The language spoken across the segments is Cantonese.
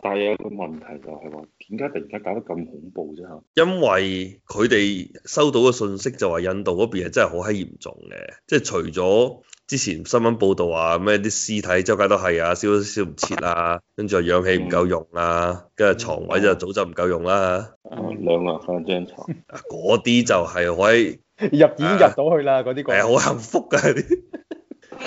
但係有一個問題就係話，點解突然間搞得咁恐怖啫？吓，因為佢哋收到嘅信息就話印度嗰邊係真係好閪嚴重嘅，即係除咗之前新聞報道話咩啲屍體周街都係啊，燒都燒唔切啊，跟住氧氣唔夠用啊，跟住床位就早就唔夠用啦吓。嗯、啊，兩萬蚊一張床。嗰啲就係可以入院入到去啦，嗰啲。誒，好幸福噶。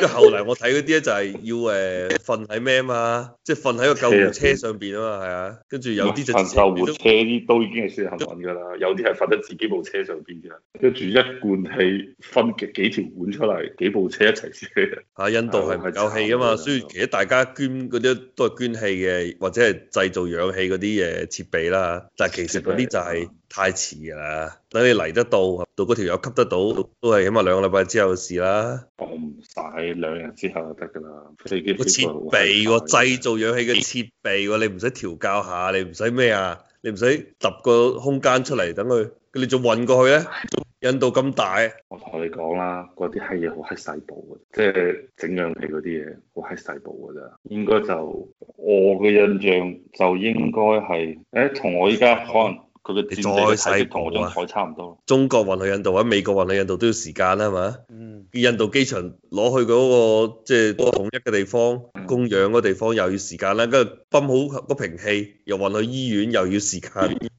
跟住後嚟我睇嗰啲咧就係要誒瞓喺咩啊嘛，即係瞓喺個救護車上邊啊嘛，係啊的，跟住有啲就自、是、救護車啲都已經係先肯瞓噶啦，就有啲係瞓喺自己部車上邊嘅，跟住一罐氣分幾幾條管出嚟，幾部車一齊車。嚇、啊，印度係咪夠氣啊嘛？的所以其實大家捐嗰啲都係捐氣嘅，或者係製造氧氣嗰啲嘢設備啦。但係其實嗰啲就係、是。太遲㗎啦！等你嚟得到，到嗰條友吸得到，都係起碼兩個禮拜之後嘅事啦。我唔使兩日之後就得㗎啦。佢設備喎、啊，製造氧氣嘅設備喎、啊，你唔使調教下，你唔使咩啊？你唔使揼個空間出嚟等佢，你仲運過去咧？印度咁大，我同你講啦，嗰啲閪嘢好閪細部㗎，即、就、係、是、整氧氣嗰啲嘢好閪細部㗎啫。應該就我嘅印象就應該係，誒、欸，同我依家可能。佢再細同我種差唔多，中國運去印度、啊，或者美國運去印度都要時間啦、啊，係嘛？嗯，印度機場攞去嗰、那個即係、就是、統一嘅地方供養嗰地方又要時間啦、啊，跟住泵好嗰瓶氣又運去醫院又要時間，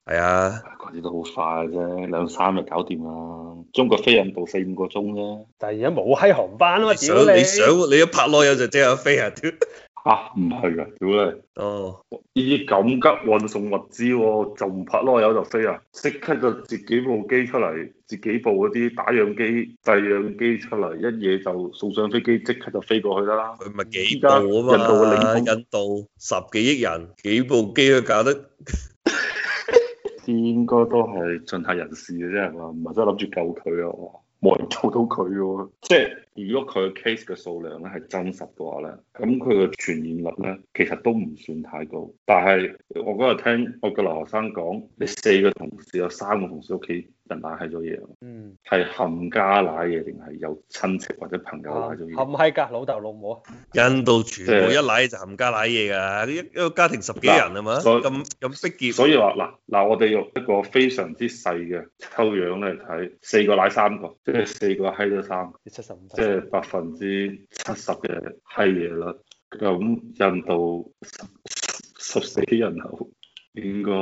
係啊，嗰啲、啊哎、都好快嘅、啊、啫，兩三日搞掂啦、啊。中國飛印度四五個鐘啦、啊。但係而家冇閪航班啊嘛，屌你,想、啊、你！你想你一拍耐有就即刻飛啊！啊，唔係嘅，屌咧？哦，呢啲緊急運送物資，就唔拍咯，有就飛啊！即刻就截幾部機出嚟，截幾部嗰啲打氧機、製氧機出嚟，一嘢就送上飛機，即刻就飛過去啦。佢咪幾部啊，印度嘅領土，印度十幾億人，幾部機佢搞得， 應該都係盡下人事嘅啫，係嘛？唔係真諗住救佢啊！冇人做到佢喎，即係如果佢嘅 case 嘅數量咧係真實嘅話咧，咁佢嘅傳染率咧其實都唔算太高。但係我嗰日聽我嘅留學生講，你四個同事有三個同事屋企。人奶係咗嘢，嗯，係冚家奶嘢定係有親戚或者朋友奶咗？冚係㗎，老豆老母。印度全部一奶就冚家奶嘢㗎，呢的一個家庭十幾人係嘛？咁咁識結，所以話嗱嗱，我哋用一個非常之細嘅抽樣嚟睇，四個奶三個，即係四個閪咗三個，即係百分之七十嘅閪嘢率。咁印度十十四人口應該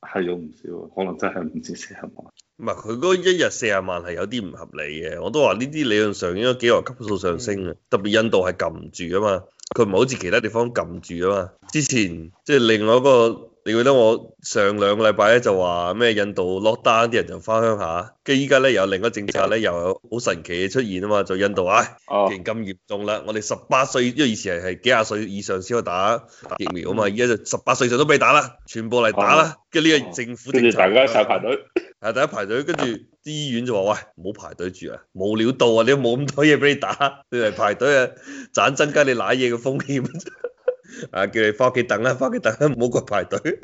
係有唔少，可能真係唔知四十萬。唔係，佢嗰一日四十萬係有啲唔合理嘅，我都話呢啲理論上應該幾何級數上升嘅，特別印度係撳唔住噶嘛，佢唔係好似其他地方撳住噶嘛，之前即係另外一個。你覺得我上兩個禮拜咧就話咩印度 lock down 啲人就返鄉下，跟住依家咧又有另一個政策咧又有好神奇嘅出現啊嘛，就印度話，哦、哎，既然咁嚴重啦，我哋十八歲，因為以前係係幾廿歲以上先可以打疫苗啊嘛，依家就十八歲以上都俾打啦，全部嚟打啦，跟住呢個政府正常㗎，大家排隊，大家排隊，係第一排隊，跟住啲醫院就話喂，唔好排隊住啊，冇料到啊，你都冇咁多嘢俾你打，你嚟排隊啊，盞增加你瀨嘢嘅風險。 啊！叫你翻屋企等啦，翻屋企等啦，唔好過排隊。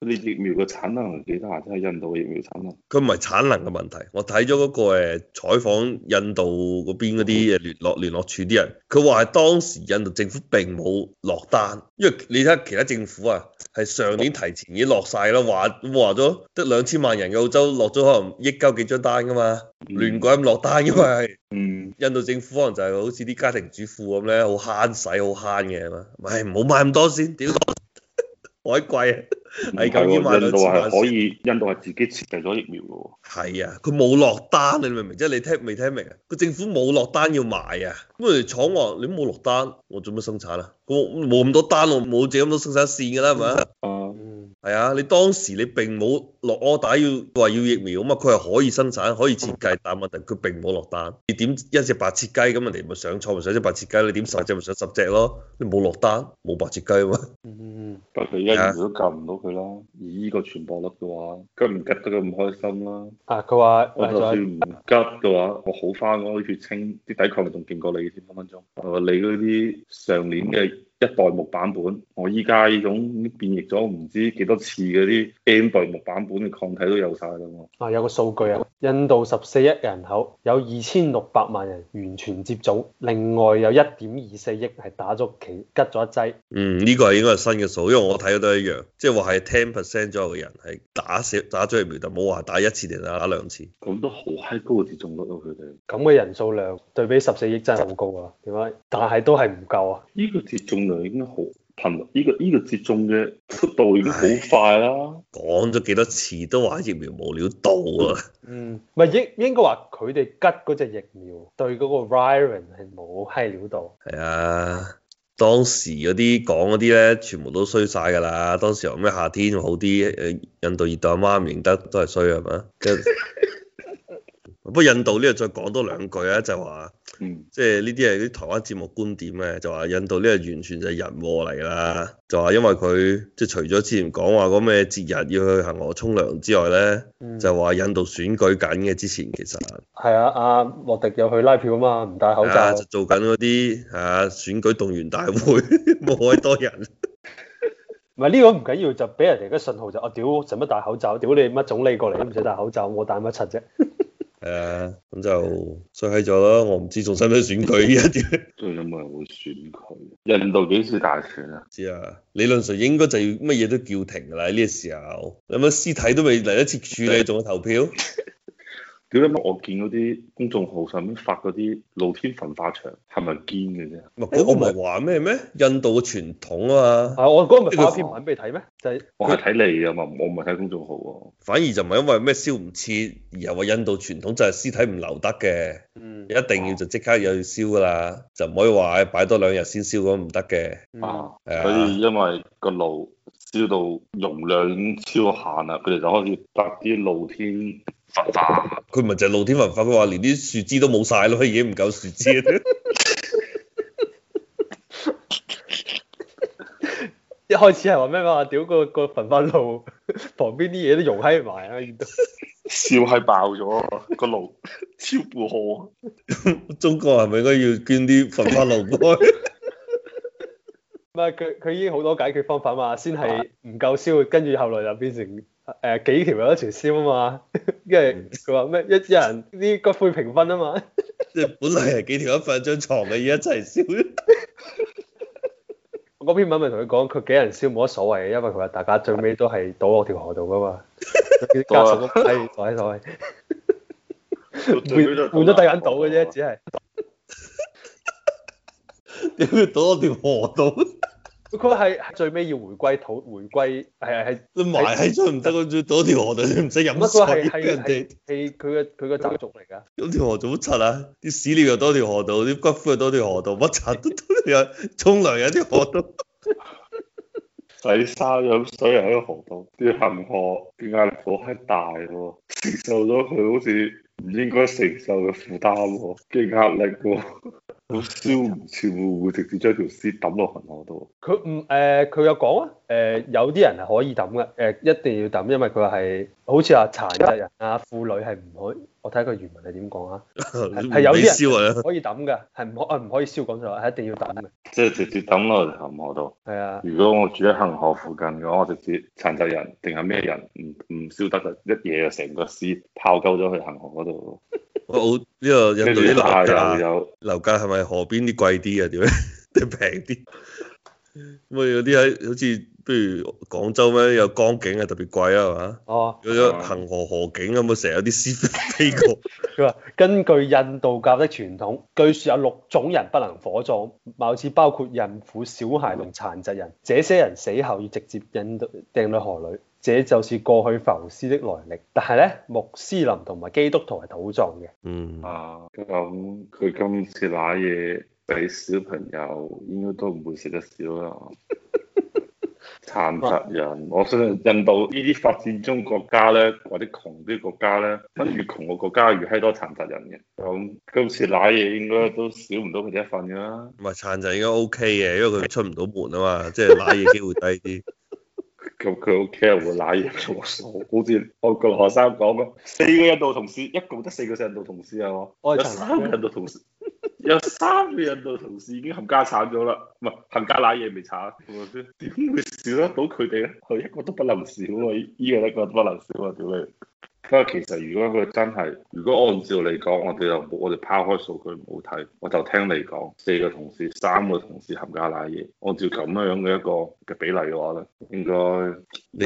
佢哋疫苗嘅產能幾多啊？即係印度嘅疫苗產能，佢唔係產能嘅問題。我睇咗嗰個誒採訪印度嗰邊嗰啲誒聯絡聯絡處啲人，佢話係當時印度政府並冇落單，因為你睇下其他政府啊，係上年提前已經落晒啦，話話咗得兩千萬人，澳洲落咗可能億鳩幾張單㗎嘛，亂鬼咁落單因為係。嗯。印度政府可能就係好似啲家庭主婦咁咧，好慳使好慳嘅係嘛？唔好買咁多先，屌海 貴。係究竟印度係可以，印度係自己設計咗疫苗嘅喎，係啊，佢冇落單，你明唔明？即係你聽未聽明啊？個政府冇落單要買啊，咁嚟廠話你冇落單，我做咩生產啊？我冇咁多單我冇整咁多生產線㗎啦，係咪啊？係啊，你當時你並冇落 order 要話要疫苗啊嘛，佢係可以生產可以設計，但問題佢並冇落單。你點一隻白切雞咁啊？你咪上錯咪上一隻白切雞，你點十隻咪上十隻咯。你冇落單冇白切雞啊嘛。嗯，但佢一如果撳唔到佢啦。而呢個傳播率嘅話，佢唔急得佢唔開心啦？啊，佢話我就算唔急嘅話，我好翻我啲血清啲抵抗力仲勁過你先，分分鐘。哦，你嗰啲上年嘅。嗯一代目版本，我依家呢種變異咗唔知幾多次嗰啲 N 代目版本嘅抗體都有晒啦。啊，有個數據啊，印度十四億人口，有二千六百萬人完全接種，另外有一點二四億係打咗企，吉咗一劑。嗯，呢個係應該係新嘅數，因為我睇到都係一樣，即係話係 ten percent 左右嘅人係打少打咗疫苗，但冇話打一次定打兩次。咁都好閪高嘅接種率到佢哋。咁嘅人數量對比十四億真係好高啊，點解？但係都係唔夠啊。呢個接種應該好頻，依、這個依、這個接種嘅速度已經好快啦。講咗幾多次都話疫苗冇料到啊。嗯，唔係應應該話佢哋拮嗰隻疫苗對嗰個 variant 係冇嘿料到。係啊，當時嗰啲講嗰啲咧，全部都衰晒㗎啦。當時又咩夏天好啲，誒印度熱到阿媽唔認得都，都係衰係嘛。啊？ 不過印度呢度再講多兩句啊，就話，即係呢啲係啲台灣節目觀點嘅，就話印度呢個完全就係人禍嚟啦。就話因為佢即係除咗之前講話嗰咩節日要去行河沖涼之外咧，嗯、就話印度選舉緊嘅之前，其實係啊，阿莫迪又去拉票啊嘛，唔戴口罩，啊、就做緊嗰啲啊選舉動員大會，冇 咁多人。 唔係呢個唔緊要，就俾人哋個信號就，我屌使乜戴口罩？屌、啊、你乜總理過嚟都唔使戴口罩，我戴乜柒啫？ 係 啊，咁就衰喺咗咯，我唔知仲使唔使選舉呢一啲，仲有冇人會選佢？印度幾時大選啊？知啊，理論上應該就要乜嘢都叫停㗎喇！呢、呢個時候，有冇屍體都未嚟得切處理，仲去 投票？屌你我見嗰啲公眾號上面發嗰啲露天焚化場係咪堅嘅啫？嗰個唔係話咩咩？印度嘅傳統啊嘛！啊，我嗰個咪發片俾他你睇咩？就係、我係睇你啊嘛，我唔係睇公眾號，啊。反而就唔係因為咩燒唔切，而係話印度傳統就係屍體唔留得嘅，嗯、一定要就即刻又要燒噶啦，就唔可以話唉擺多兩日先燒咁唔得嘅。嗯、啊，啊所以因為個爐。燒到容量超限啦，佢哋就開始搭啲露天焚化。佢咪就係露天焚化，佢話連啲樹枝都冇晒咯，佢已經唔夠樹枝。 一開始係話咩話？屌個個焚化爐旁邊啲嘢都溶喺埋啊！笑係爆咗個爐，爐超負荷。 中國係咪應該要捐啲焚化爐？佢佢已經好多解決方法嘛，先係唔夠燒，跟住後來就變成誒、呃、幾條友一齊燒啊嘛，因為佢話咩一啲人啲骨灰平分啊嘛，即係本嚟係幾條一瞓張床，嘅嘢一齊燒。我嗰篇文咪同佢講，佢幾人燒冇乜所謂嘅，因為佢話大家最尾都係倒落條河度㗎嘛。加換咗第間倒嘅啫，只係。屌佢，倒咗條河度，佢佢係最尾要回歸土，回歸係係。埋喺出唔得，佢倒咗條河度，你唔使飲水。乜係係人哋係佢嘅佢嘅習俗嚟㗎。有條河做乜柒啊？啲屎尿又多條河度，啲骨灰又多條河度，乜柒都多條啊！沖涼有啲河度。洗衫飲水又喺個河度，啲 幸福啲壓力好閪大喎，承受咗佢好似唔應該承受嘅負擔喎，嘅壓力喎。佢燒唔燒，會唔會直接將條屍抌落恆河度？佢唔誒，佢、呃、有講啊，誒、呃，有啲人係可以抌嘅，誒、呃，一定要抌，因為佢係好似阿殘疾人啊、婦女係唔可以，我睇佢原文係點講啊，係 有啲人可以抌嘅，係唔可誒，唔可以燒，講就係一定要抌嘅，即係直接抌落恆河度。係啊，如果我住喺恒河附近嘅話，我直接殘疾人定係咩人，唔唔燒得就一嘢就成個屍拋鳩咗去恒河嗰度。我好呢個印度啲樓價，樓價係咪河邊啲貴啲啊？點樣啲平啲？咁啊有啲喺好似，譬如廣州咩有江景係特別貴啊嘛？哦，有恒河河景咁啊，成日有啲屍飛過。佢話根據印度教的傳統，據說有六種人不能火葬，貌似包括孕婦、小孩同殘疾人，這些人死後要直接引到掟落河裏。這就是過去浮屍的來歷，但係咧，穆斯林同埋基督徒係土葬嘅。嗯啊，咁佢今次拿嘢俾小朋友，應該都唔會食得少啦。殘疾人，我相信印度呢啲發展中國家咧，或者窮啲國家咧，越窮嘅國家越係多殘疾人嘅。咁今次拿嘢應該都少唔到佢哋一份噶啦。唔係殘疾應該 OK 嘅，因為佢出唔到門啊嘛，即係拿嘢機會低啲。佢佢屋企有冇瀨嘢我數，好似我個學生講，四個印度同事，一個得四,四個印度同事係嘛？我 有三個印度同事，有三個印度同事已經冚家鏟咗啦，唔係冚家瀨嘢未鏟，係咪先？點會少得到佢哋咧？佢一個都不能少啊！依個一個都不能少啊！屌你！不過其實，如果佢真係，如果按照你講，我哋就冇，我哋拋開數據唔好睇，我就聽你講，四個同事、三個同事冚家奶嘢。按照咁樣嘅一個嘅比例嘅話咧，應該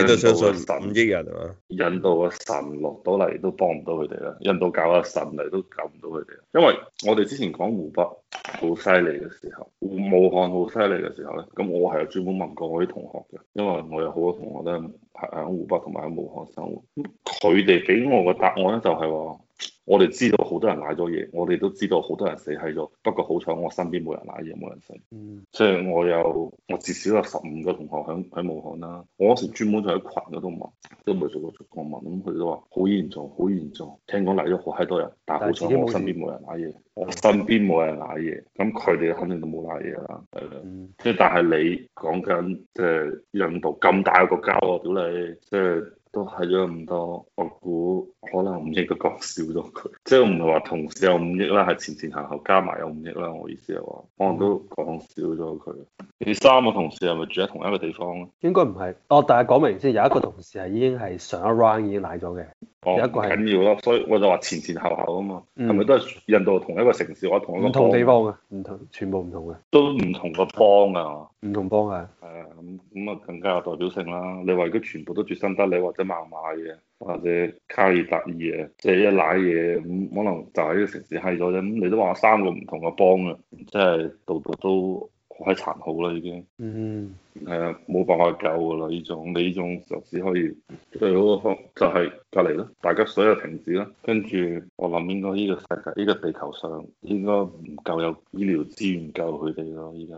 印度嘅神，十五億人啊！印度嘅神落到嚟都幫唔到佢哋啦，印度教嘅神嚟都救唔到佢哋啦。因為我哋之前講湖北。好犀利嘅時候，武漢好犀利嘅時候咧，咁我係有專門問過我啲同學嘅，因為我有好多同學咧係喺湖北同埋喺武漢生活，咁佢哋俾我個答案咧就係話。我哋知道好多人攋咗嘢，我哋都知道好多人死喺咗。不過好彩我身邊冇人攋嘢，冇人死。嗯，即係我有，我至少有十五個同學喺喺武漢啦。我嗰時專門在喺群嗰度問，都未做過做抗民咁，佢哋都話好嚴重，好嚴重。聽講攔咗好閪多人，但係好彩我身邊冇人攋嘢，我身邊冇人攋嘢。咁佢哋肯定都冇攋嘢啦。係啦，即係但係你講緊即係印度咁大嘅國家喎，屌你，即係。都睇咗咁多，我估可能五億都講少咗佢，即係唔係話同事有五億啦，係前前後後加埋有五億啦。我意思係話，可能都講少咗佢。你三個同事係咪住喺同一個地方咧？應該唔係，哦，但係講明先，有一個同事係已經係上一 round 已經攋咗嘅。一哦，緊要咯，所以我就話前前後後啊嘛，係咪、嗯、都係印度同一個城市或同一個唔同地方嘅？唔同，全部唔同嘅，都唔同個邦啊，唔同邦嘅。係啊，咁咁啊，更加有代表性啦。你話如果全部都住新德里或者孟買嘅，或者卡爾達爾嘅，即係一奶嘢咁，可能就喺個城市閪咗啫。咁你都話三個唔同嘅邦啊，即係度度都好閪殘酷啦，已經。嗯。係啊，冇辦法救噶啦！呢種你呢種就只可以最好個方法就係隔離咯，大家所有停止啦。跟住我諗應該呢個世界、呢、這個地球上應該唔夠有醫療資源救佢哋咯。依家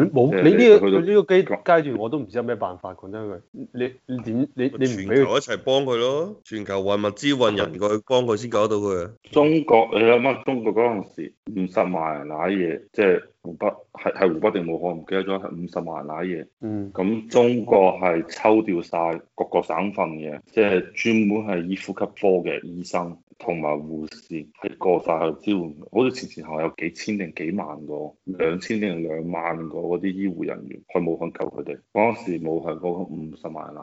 就冇你呢、這個呢到、這個機階、這個、段，我都唔知有咩辦法。講真句，你你點你你唔俾一齊幫佢咯？全球運物資運人過去幫佢，先救到佢。中國你諗下，中國嗰陣時五十萬人奶嘢，即、就、係、是、湖北係係湖北定武漢唔記得咗，係五十萬人舐嘢。嗯，咁中國係抽調晒各個省份嘅，即係專門係醫呼吸科嘅醫生。同埋護士係過曬去支援，好似前前後有幾千定幾萬個，兩千定兩萬個嗰啲醫護人員，佢冇法救佢哋。嗰陣時冇係講五十萬啦，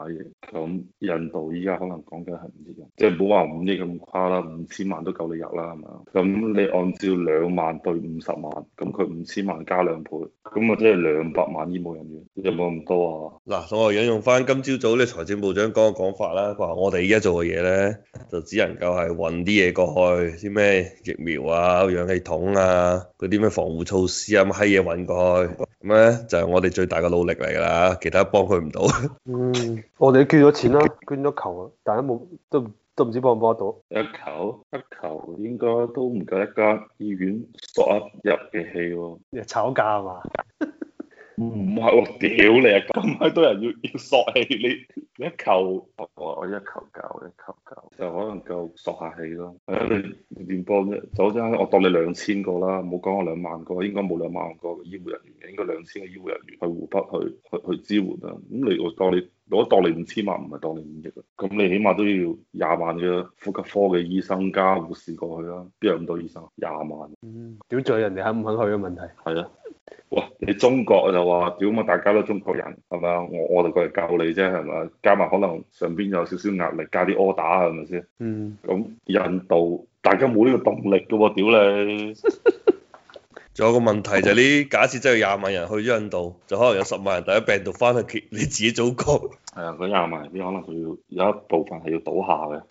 咁印度依家可能講緊係五億，即係唔好話五億咁誇啦，五千萬都夠你入啦，係嘛？咁你按照兩萬對五十萬，咁佢五千萬加兩倍，咁啊即係兩百萬醫護人員，有冇咁多啊？嗱，我引用翻今朝早呢財政部長講嘅講法啦，話我哋依家做嘅嘢咧，就只能夠係穩。啲嘢過去，啲咩疫苗啊、氧氣筒啊、嗰啲咩防護措施啊，乜閪嘢運過去，咁咧就係我哋最大嘅努力嚟㗎啦，其他幫佢唔到。 嗯，我哋捐咗錢啦，捐咗球啊，但係都冇，都都唔知幫唔幫得到。一球一球應該都唔夠一家醫院塞入嘅氣喎。你炒架係嘛？ 唔係、嗯、我屌你啊！咁閪多人要要索氣，你你一求我我一求救一求救，就可能夠索下氣咯。係、哎、你點幫啫，就好似我當你兩千個啦，冇講我兩萬個，應該冇兩萬個醫,個醫護人員嘅，應該兩千個醫護人員去湖北去去去支援啦。咁你我當你如果當你五千萬唔係當你五億啊，咁你起碼都要廿萬嘅呼吸科嘅醫生加護士過去啦。邊有咁多醫生？廿萬，嗯，主要人哋肯唔肯去嘅問題。係啊。哇！你中國就話屌嘛，大家都中國人係咪啊？我我哋過嚟教你啫係咪？加埋可能上邊有少少壓力，加啲 order 係咪先？嗯，咁印度大家冇呢個動力嘅喎，屌你！ 仲有個問題就係、是、呢，假設真係廿萬人去印度，就可能有十萬人帶咗病毒翻去佢你自己祖國。係啊，嗰廿萬人啲可能要有一部分係要倒下嘅。誒，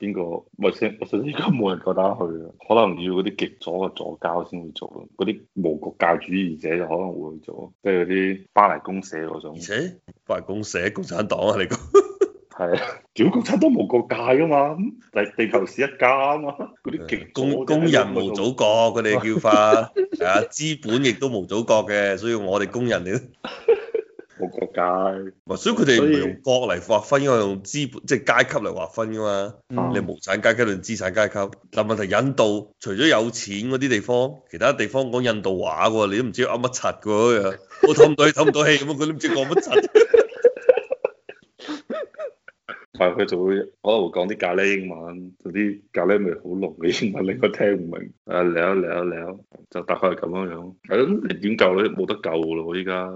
邊個？咪先，我想，依家冇人夠膽去可能要嗰啲極左嘅左膠先會做咯。嗰啲無國界主義者就可能會做，即係嗰啲巴黎公社嗰種。而且巴黎公社、共產黨啊，你講。係啊，屌！國產都冇國界啊嘛，嚟地球是一家啊嘛，嗰啲工工人冇祖國，佢哋叫法， 啊資本亦都冇祖國嘅，所以我哋工人你都冇國界。所以佢哋唔用國嚟劃分，因為用資本即、就是、階級嚟劃分噶嘛。 你無產階級定資產階級？但問題印度，除咗有錢嗰啲地方，其他地方講印度話喎，你都唔知噏乜柒喎又，我唞唔到唞唔到氣咁，佢都唔知講乜柒。但係佢就會可能會講啲咖喱英文，嗰啲咖喱味好濃嘅英文，你應該聽唔明。一唥一唥，就大概係咁樣樣。係咯，你點救咧？冇得救咯，依家。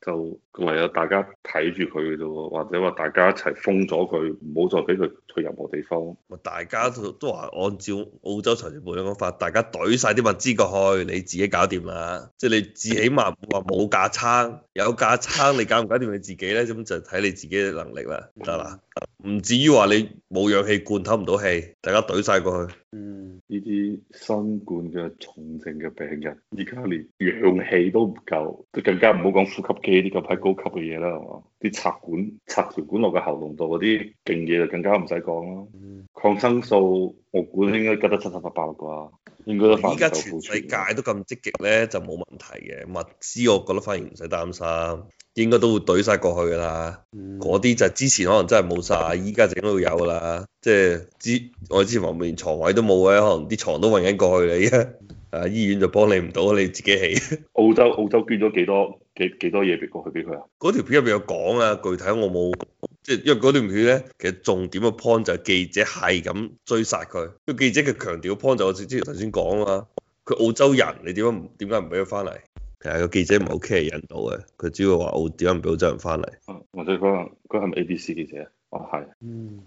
就唯有大家睇住佢嘅啫喎，或者話大家一齊封咗佢，唔好再俾佢去任何地方。大家都都話，按照澳洲財政部長講法，大家懟晒啲物資過去，你自己搞掂啦。即係你至起碼話冇架撐，有架撐你搞唔搞掂你自己咧？咁就睇你自己嘅能力啦，得啦，唔至於話你。冇氧氣罐，透唔到氣，大家懟晒過去。嗯，呢啲新冠嘅重症嘅病人，而家連氧氣都唔夠，都更加唔好講呼吸機呢啲咁閪高級嘅嘢啦，係嘛？啲插管插條管落個喉嚨度嗰啲勁嘢就更加唔使講啦。嗯，抗生素。我估你應該得七七八八啦啩，應該。而家全世界都咁積極咧，就冇問題嘅物資，我覺得反而唔使擔心，應該都會懟晒過去噶啦。嗰啲、嗯、就之前可能真係冇晒，依家整到有噶啦。即係之我之前可能連床位都冇嘅，可能啲床都運緊過去你依啊，醫院就幫你唔到，你自己起。澳洲澳洲捐咗幾多幾幾多嘢俾過去俾佢啊？嗰條片入邊有講啊，具體我冇。因為嗰段片咧，其實重點嘅 point 就係記者係咁追殺佢。因為記者嘅強調 point 就我之之前頭先講啊嘛，佢澳洲人，你點解唔點解唔俾佢翻嚟？其實個記者唔係好 care 印度嘅，佢主要話澳點解唔俾澳洲人翻嚟。或者佢佢係咪 ABC 記者啊？哦，係。嗯。